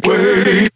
wait.